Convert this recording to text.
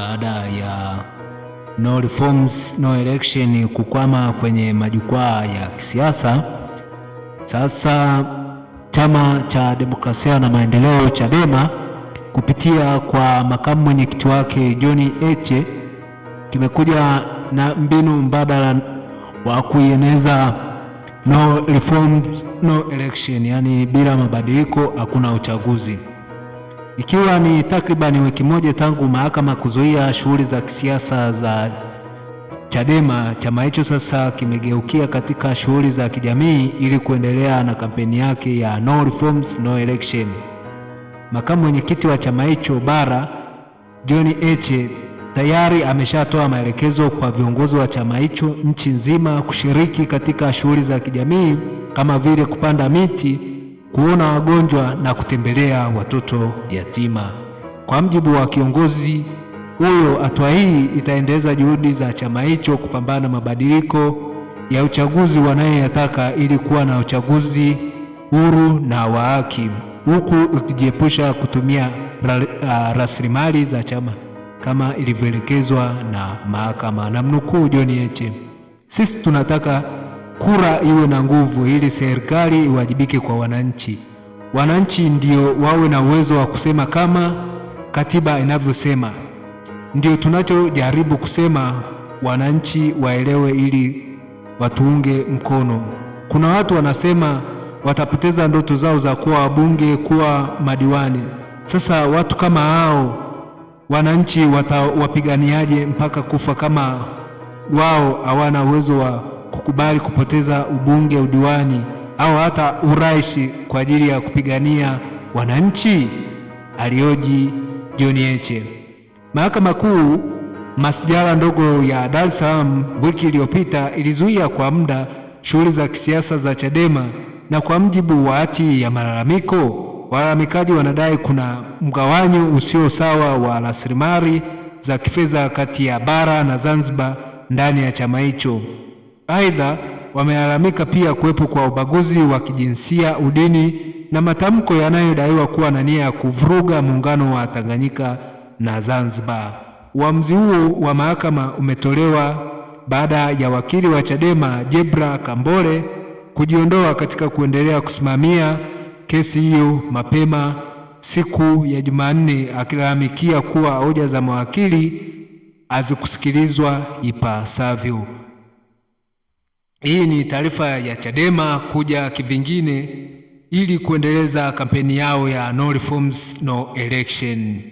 baada ya no reforms no election kukwama kwenye majukwaa ya kisiasa. Sasa chama cha demokrasia na maendeleo Chadema kupitia kwa makamu mwenyekiti wake John Heche kimekuja na mbinu mbadala wa kuieneza no reforms no election, yaani bila mabadiliko hakuna uchaguzi ikiwa ni takriban wiki moja tangu mahakama kuzuia shughuli za kisiasa za Chadema, chama hicho sasa kimegeukia katika shughuli za kijamii ili kuendelea na kampeni yake ya no reforms no election. Makamu mwenyekiti wa chama hicho bara John Heche tayari ameshatoa maelekezo kwa viongozi wa chama hicho nchi nzima kushiriki katika shughuli za kijamii kama vile kupanda miti kuona wagonjwa na kutembelea watoto yatima. Kwa mjibu wa kiongozi huyo, hatua hii itaendeleza juhudi za chama hicho kupambana mabadiliko ya uchaguzi wanayoyataka ili kuwa na uchaguzi huru na wa haki, huku ikijiepusha kutumia rasilimali za chama kama ilivyoelekezwa na mahakama. na mnukuu John Heche, sisi tunataka kura iwe na nguvu, ili serikali iwajibike kwa wananchi. Wananchi ndio wawe na uwezo wa kusema kama katiba inavyosema. Ndio tunachojaribu kusema, wananchi waelewe ili watuunge mkono. Kuna watu wanasema watapoteza ndoto zao za kuwa wabunge, kuwa madiwani. Sasa watu kama hao wananchi watawapiganiaje mpaka kufa kama wao hawana uwezo wa kukubali kupoteza ubunge, udiwani au hata urais kwa ajili ya kupigania wananchi? Alioji John Heche. Mahakama Kuu masijara ndogo ya Dar es Salaam wiki iliyopita ilizuia kwa muda shughuli za kisiasa za Chadema, na kwa mjibu wa hati ya malalamiko, walalamikaji wanadai kuna mgawanyo usio sawa wa rasilimali za kifedha kati ya bara na Zanzibar ndani ya chama hicho. Aidha, wamelalamika pia kuwepo kwa ubaguzi wa kijinsia, udini na matamko yanayodaiwa kuwa na nia ya kuvuruga muungano wa Tanganyika na Zanzibar. Uamuzi huo wa mahakama umetolewa baada ya wakili wa Chadema Jebra Kambole kujiondoa katika kuendelea kusimamia kesi hiyo mapema siku ya Jumanne, akilalamikia kuwa hoja za mawakili hazikusikilizwa ipasavyo. Hii ni taarifa ya Chadema kuja kivingine ili kuendeleza kampeni yao ya no reforms no election.